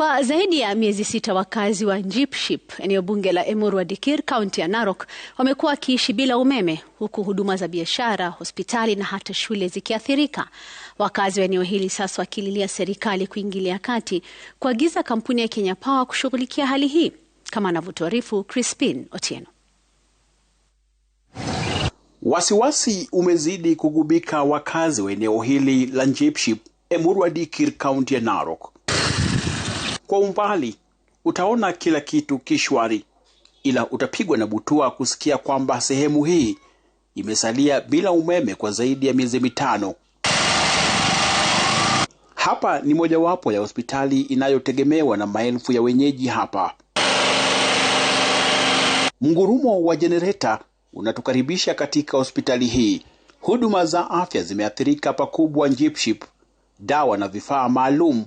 Kwa zaidi ya miezi sita wakazi wa Njipship eneo bunge la Emuru Wadikir kaunti ya Narok wamekuwa wakiishi bila umeme huku huduma za biashara, hospitali na hata shule zikiathirika. Wakazi wa eneo hili sasa wakililia serikali kuingilia kati kuagiza kampuni ya Kenya Power kushughulikia hali hii, kama anavyotuarifu Crispin Otieno. Wasiwasi umezidi kugubika wakazi wa eneo hili la Njipship Emuru dikir kaunti ya Narok kwa umbali utaona kila kitu kishwari, ila utapigwa na butua kusikia kwamba sehemu hii imesalia bila umeme kwa zaidi ya miezi mitano. Hapa ni mojawapo ya hospitali inayotegemewa na maelfu ya wenyeji hapa. Mgurumo wa jenereta unatukaribisha katika hospitali hii. Huduma za afya zimeathirika pakubwa. Jipship dawa na vifaa maalum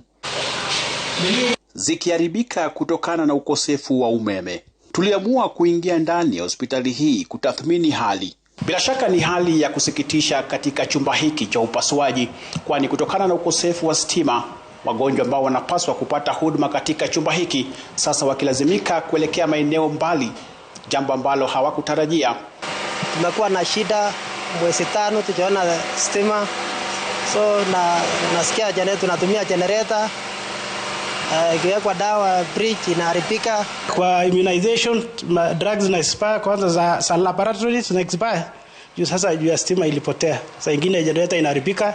zikiharibika kutokana na ukosefu wa umeme. Tuliamua kuingia ndani ya hospitali hii kutathmini hali. Bila shaka ni hali ya kusikitisha katika chumba hiki cha upasuaji, kwani kutokana na ukosefu wa stima wagonjwa ambao wanapaswa kupata huduma katika chumba hiki sasa wakilazimika kuelekea maeneo mbali, jambo ambalo hawakutarajia. Tumekuwa na shida mwezi tano tujaona stima, so na nasikia tunatumia jenereta Eh, ikiwekwa uh, dawa bridge inaharibika. Kwa immunization drugs na expire kwanza, za, za laboratory zina expire juu sasa juu ya stima ilipotea, sasa ingine generator inaharibika,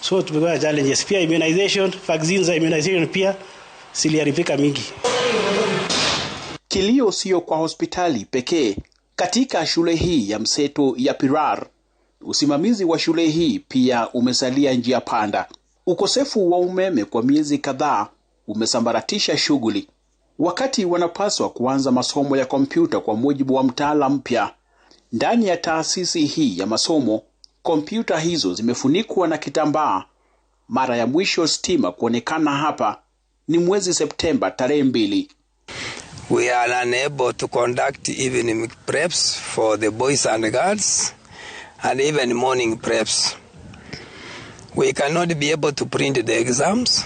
so tumekuwa na challenges pia. Immunization vaccines za immunization pia ziliharibika mingi. Kilio sio kwa hospitali pekee. Katika shule hii ya mseto ya Pirar, usimamizi wa shule hii pia umesalia njia panda. Ukosefu wa umeme kwa miezi kadhaa umesambaratisha shughuli. Wakati wanapaswa kuanza masomo ya kompyuta kwa mujibu wa mtaala mpya, ndani ya taasisi hii ya masomo kompyuta hizo zimefunikwa na kitambaa. Mara ya mwisho stima kuonekana hapa ni mwezi Septemba tarehe mbili. We are unable to conduct evening preps for the boys and girls and even morning preps. We cannot be able to print the exams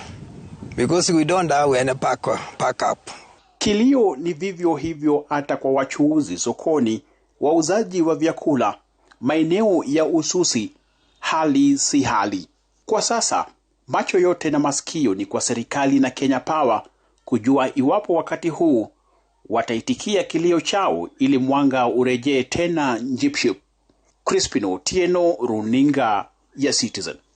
because we don't have any pack, pack up. Kilio ni vivyo hivyo hata kwa wachuuzi sokoni, wauzaji wa vyakula, maeneo ya ususi. Hali si hali kwa sasa. Macho yote na masikio ni kwa serikali na Kenya Power kujua iwapo wakati huu wataitikia kilio chao ili mwanga urejee tena. Njipship, Crispino Tieno, runinga ya Citizen.